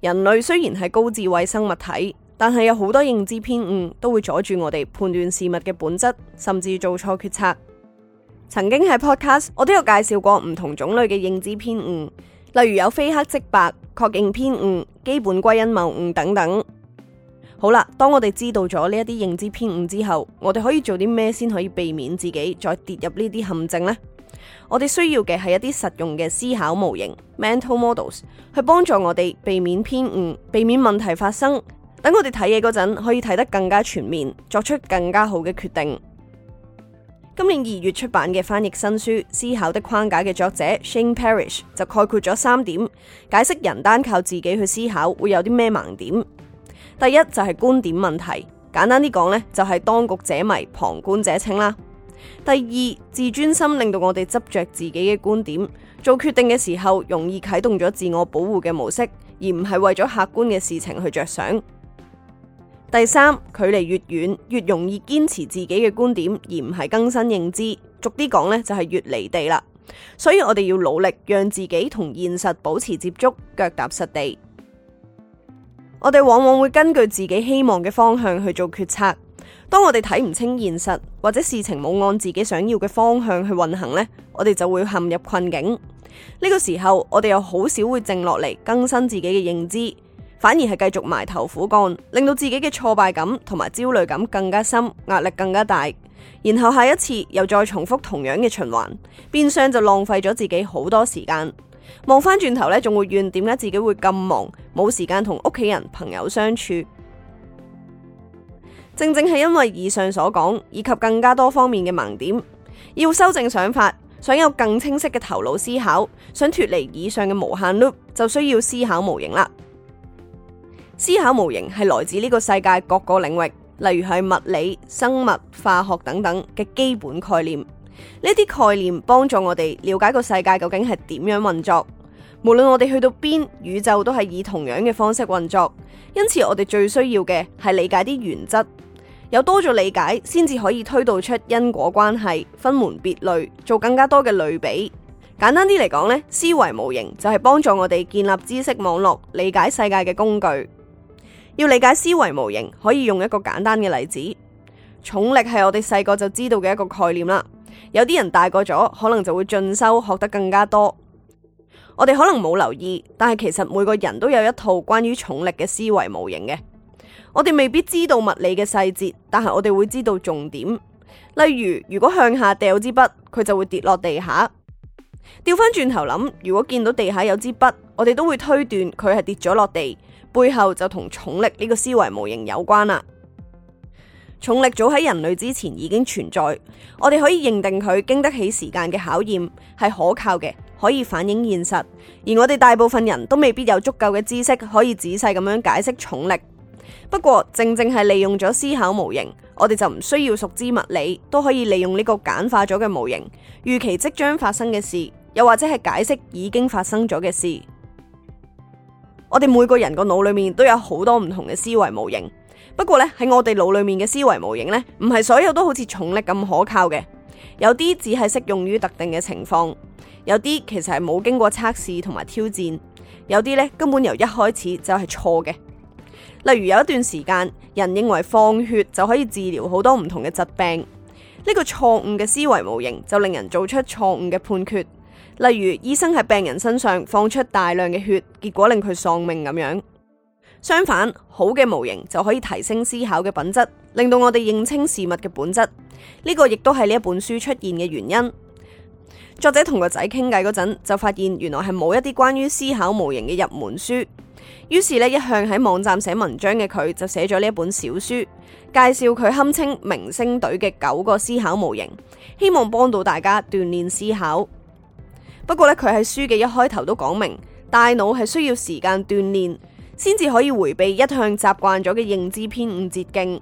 人類雖然係高智慧生物體，但係有好多認知偏誤都會阻住我哋判斷事物嘅本質，甚至做錯決策。曾經喺 podcast，我都有介紹過唔同種類嘅認知偏誤，例如有非黑即白、確認偏誤、基本歸因謬誤等等。好啦，當我哋知道咗呢一啲認知偏誤之後，我哋可以做啲咩先可以避免自己再跌入呢啲陷阱呢？我哋需要嘅係一啲實用嘅思考模型 （mental models） 去幫助我哋避免偏誤、避免問題發生，等我哋睇嘢嗰陣可以睇得更加全面，作出更加好嘅決定。今年二月出版嘅翻譯新書《思考的框架》嘅作者 Shane Parrish 就概括咗三點，解釋人單靠自己去思考會有啲咩盲點。第一就係觀點問題，簡單啲講呢，就係當局者迷，旁觀者清啦。第二，自尊心令到我哋執着自己嘅觀點，做決定嘅時候容易啟動咗自我保護嘅模式，而唔係為咗客觀嘅事情去着想。第三，距離越遠，越容易堅持自己嘅觀點，而唔係更新認知。俗啲講咧，就係越離地啦。所以我哋要努力讓自己同現實保持接觸，腳踏實地。我哋往往會根據自己希望嘅方向去做決策。當我哋睇唔清現實，或者事情冇按自己想要嘅方向去運行呢，我哋就會陷入困境。呢個時候，我哋又好少會靜落嚟更新自己嘅認知，反而係繼續埋頭苦幹，令到自己嘅挫敗感同埋焦慮感更加深，壓力更加大。然後下一次又再重複同樣嘅循環，變相就浪費咗自己好多時間。望翻轉頭呢，仲會怨點解自己會咁忙，冇時間同屋企人朋友相處。正正係因為以上所講，以及更加多方面嘅盲點，要修正想法，想有更清晰嘅頭腦思考，想脫離以上嘅無限 loop，就需要思考模型啦。思考模型係來自呢個世界各個領域，例如係物理、生物、化學等等嘅基本概念。呢啲概念幫助我哋了解個世界究竟係點樣運作。無論我哋去到邊，宇宙都係以同樣嘅方式運作，因此我哋最需要嘅係理解啲原則，有多咗理解，先至可以推導出因果關係，分門別類，做更加多嘅類比。簡單啲嚟講呢，思維模型就係幫助我哋建立知識網絡、理解世界嘅工具。要理解思維模型，可以用一個簡單嘅例子：重力係我哋細個就知道嘅一個概念啦。有啲人大個咗，可能就會進修，學得更加多。我哋可能冇留意，但係其實每個人都有一套關於重力嘅思維模型嘅。我哋未必知道物理嘅細節，但係我哋會知道重點。例如，如果向下掉支筆，佢就會跌落地下。調翻轉頭諗，如果見到地下有支筆，我哋都會推斷佢係跌咗落地，背後就同重力呢個思維模型有關啦。重力早喺人類之前已經存在，我哋可以認定佢經得起時間嘅考驗，係可靠嘅，可以反映現實。而我哋大部分人都未必有足夠嘅知識可以仔細咁樣解釋重力。不過正正係利用咗思考模型，我哋就唔需要熟知物理，都可以利用呢個簡化咗嘅模型預期即將發生嘅事，又或者係解釋已經發生咗嘅事。我哋每個人個腦裏面都有好多唔同嘅思維模型。不過咧，喺我哋腦裏面嘅思維模型咧，唔係所有都好似重力咁可靠嘅，有啲只係適用於特定嘅情況，有啲其實係冇經過測試同埋挑戰，有啲咧根本由一開始就係錯嘅。例如有一段時間，人認為放血就可以治療好多唔同嘅疾病，呢個錯誤嘅思維模型就令人做出錯誤嘅判決，例如醫生喺病人身上放出大量嘅血，結果令佢喪命咁樣。相反，好嘅模型就可以提升思考嘅品質，令到我哋認清事物嘅本質。呢個亦都係呢一本書出現嘅原因。作者同個仔傾偈嗰陣就發現，原來係冇一啲關於思考模型嘅入門書。於是呢，一向喺網站寫文章嘅佢就寫咗呢一本小書，介紹佢堪稱明星隊嘅九個思考模型，希望幫到大家鍛煉思考。不過呢，佢喺書嘅一開頭都講明，大腦係需要時間鍛煉。先至可以迴避一向習慣咗嘅認知偏誤捷徑。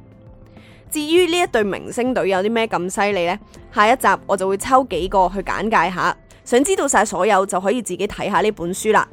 至於呢一對明星隊有啲咩咁犀利呢？下一集我就會抽幾個去簡介下。想知道晒所有就可以自己睇下呢本書啦。